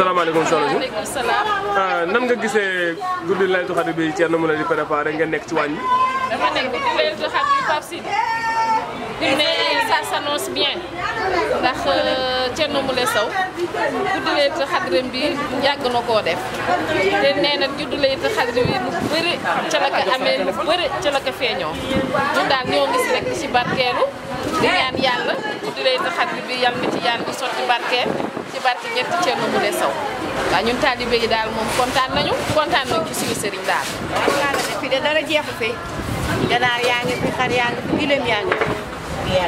salaamaaleykum soxna si waaleykum salaam. Ah, nan nga gisee guddi laylatul xadr bi Thierno Moule di préparé nga nekk ci waañ bi. dama nekk guddi laylatul xadr bi Pape Sidi. il ne ça s'annonce bien ndax. Euh, Thierno Moule Sow guddi laylatul xadri bi yàgg na koo def te nee xadri bi lu bëri ca la ko amee lu bëri ca la ko feeñoo ñun daal ñoo ngi si rek ci barkeelu di ñaan yàlla guddi xadri bi yal ci yàlla di sotti barkeel ci barke ñetti Thierno Moule Sow waaw ñun taalibe yi daal moom kontaan nañu kontaan nañu ci suñu daal. la ne fii de dara jeexu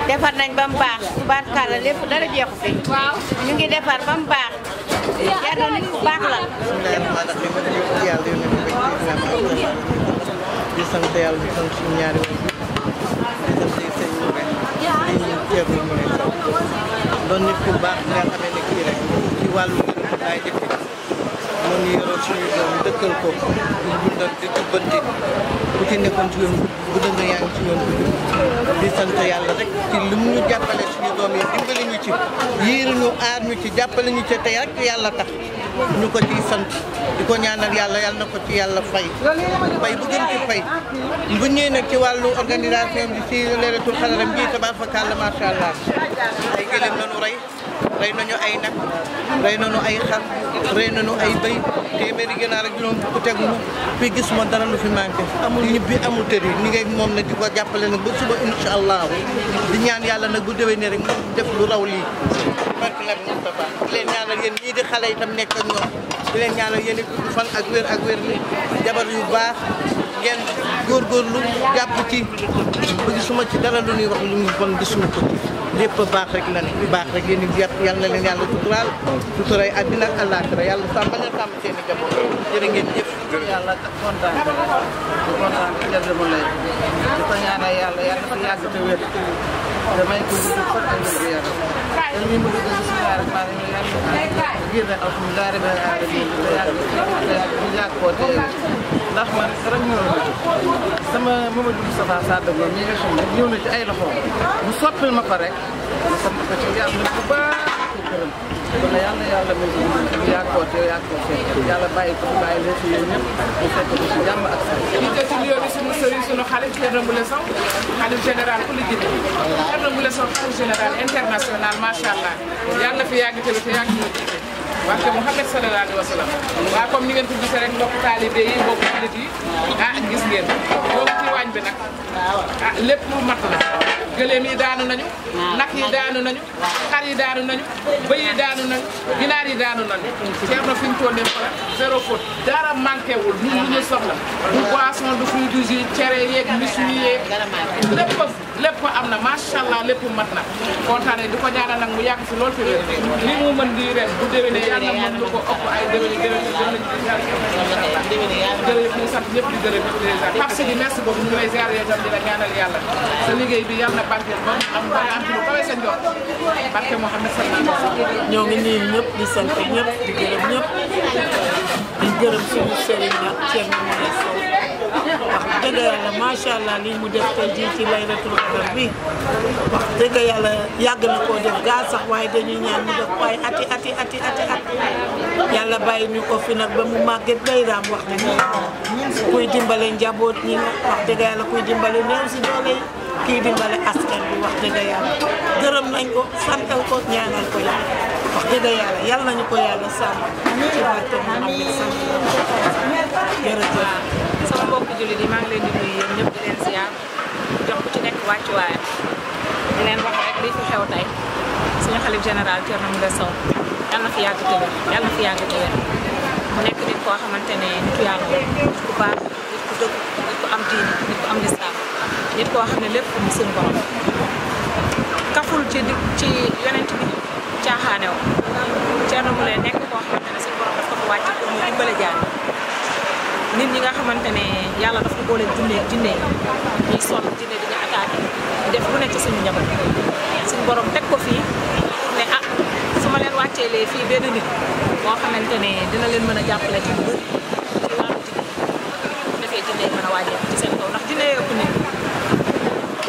defar nañ ba mu baax tubaarkàlla lépp dara jeexu fi ñu ngi defar ba mu baax yar na nit ku baax la di sant yàlla di sant suñu ñaari wér di doon nit ku baax nga xamee ne kii rek ci wàllu ngërëm laay jëkk mu ngi yoroon suñu doom dëkkal ko di dundal di jubbanti bu ci nekkoon ci yoon bu dëgg yaa ci yoon bu di sant yàlla rek ci li mu ñu jàppale suñu doom yi dimbali ñu ci yiir ñu aar ñu ci jàppale ñu ci tey rek yàlla tax ñu ko ciy sant di ko ñaanal yàlla yàlla na ko ci yàlla fay fay bu gën ci fay bu nag ci wàllu organisation bi si leeratul xalaram bii tabaar fa kàlla macha allah ay gëlëm rey nañu ay nag rey nañu ay xar rey nañu ay béy téeméeri ginaar ak juróom ku teg mu fi gis ma dara lu fi manqué amul ñibbi amul tëri ni ngay moom nag di ko jàppale nag ba suba incha allah di ñaan yàlla nag bu déwénee rek def lu raw lii barke nag Moustapha di leen ñaanal yéen ñii di xale itam nekk ak ñoom di leen ñaanal yéen i gudd fan ak wér ak wér li jabar yu baax ngeen góorgóorlu jàpp ci ba gisuma ci dara lu ñuy wax lu ñu bon gisuma ko lépp baax rek la ne baax rek yéen i yàpp yàlla na leen yàlla suturaal suturay àddina ak àllaaxira yàlla sàmm leen sàmm seen i jaboot jërë ngeen jëf yàlla kontaan kontaan jadma lay di ko ñaanal yàlla yàlla fa yàgg te wér damay ko بسم الله الرحمن الرحيم جيب الحمد لله رب العالمين yaa ko tey ndax man rek ñu sama Mamadou Moustapha Sadogho mi nga xam ne ñëw na ci ay loxo mu soppil ma ko rek ma soppil ko ci yàlla bu baax këram kon yal na yàlla may yaa ko te yaa ko fekk yàlla bàyyi ko bàyyi leen fi yéen ñëpp mu fekk ko ci jàmm ak sa ñu jël ci nuyoo bi suñu sëriñ suñu xarit Thierno Moule Sow xarit général ku li jënd Thierno Moule Sow xarit général international macha allah yàlla fi yàgg te te yàgg wante Mouhamed sallallahu alayhi wa sallam waaw comme ni ngeen ko gisee rek mbokk taalibe yi mbokk jullit yi ah gis ngeen loolu ci waañ bi nag ah lépp lu mat na gëléem yi daanu nañu ah, nag yi daanu nañu xar yi daanu nañu bëy yi daanu nañu ginaar yi daanu nañu ceeb na fi ñu toll nii zéro faute dara manqué wul ñun lu ñu soxla du boisson du fruit du jus cere yeeg mis mi yeeg lépp lépp am na macha allah lépp mat na kontaane di ko ñaanal nag mu yàgg si lool fi wér li mu mën di ren bu déwénee yàlla mën lu ko ëpp ay déwéni déwéni déwéni jërëjëf ñu sant ñëpp di gërëm président Pape Sidi merci beaucoup ñu lay ziar yow tam di la ñaanal yàlla sa liggéey bi yàlla na barkeel ba am ba am ci lu kawe sa njort barke Mouhamed sallallahu alayhi wa sallam ñoo ngi nii ñëpp di sant ñëpp di gërëm ñëpp di gërëm suñu sëriñ nag Thierno Moulay Sow dëgg yàlla macha allah lii mu def tey jii ci laylatul bi wax dëgg yàlla yàgg na koo def gaa sax waaye dañuy ñaan mu def waaye ati ati ati ati yàlla bàyyi ñu ko fi nag ba mu màgget day raam wax dëgg kuy dimbale njaboot ñi nga wax dëgg yàlla kuy dimbale néew si doole kii dimbale askan bi wax dëgg yàlla gërëm nañ ko santal ko ñaanal ko yàlla wax dëgg yàlla yàlla nañu ko yàlla sàmm ci barke wàccuwaayam di leen wax rek lii fi xew tey suñu xalif général Thierno Moule Sow na fi yàgg te wér na fi yàgg te nekk nit koo xamante ne nit ku yàlla nit nit koo xam ne lépp mu suñu borom kaful ci ci yonent bi ko wàcc pour mu dimbale nit ñi nga xamante ne yàlla daf ko boole junne junne ñuy sonn junne di ñu attaqué def lu nekk suñu njaboot suñu borom teg ko fii ne ah su leen wàccee lee fii benn nit boo xamante ne dina leen mën a jàppale ci lu bëri ci wàllu junne bu mën a wàññee ci seen kaw ndax junne ëpp nit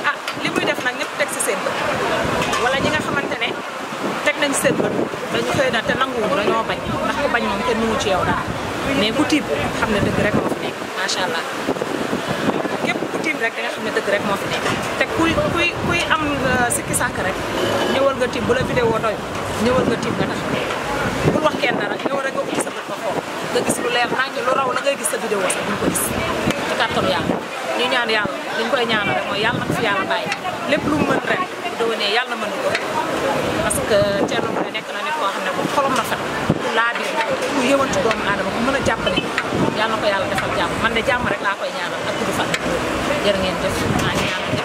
ah li muy def nag ñëpp teg si seen bët wala ñi nga xamante ne teg nañ seen bët dañu xëy na te nanguwul dañoo bañ ndax ko bañ moom kenn mënu ci yow daal mais bu tiim xam ne dëgg rek moo fi nekk macha xam ne dëgg rek moo fi nekk te kuy kuy am sikki sàkk rek ñëwal nga tiim bu la vidéo doy ñëwal nga tiim nga tax bul wax kenn dara ñëwal rek nga ubbi sa bët ba xool nga ñu lu gis sa vidéo sax duñ ko gis ci kàttanu yàlla ñu ñaan yàlla liñ koy rek mooy yàlla na fi yàlla bàyyi lépp lu mu mën ren bu déwénee yàlla na mën ko parce que Thierno Moule nekk na nit koo xam ne moom xolam rafet laa biir ku yëwantu doomu aadama ku man a jàppale yàlla na ko yàlla defal jàmm man de jàmm rek laa koy ñaanal ak gudd fan jërë ngeen def ñaanal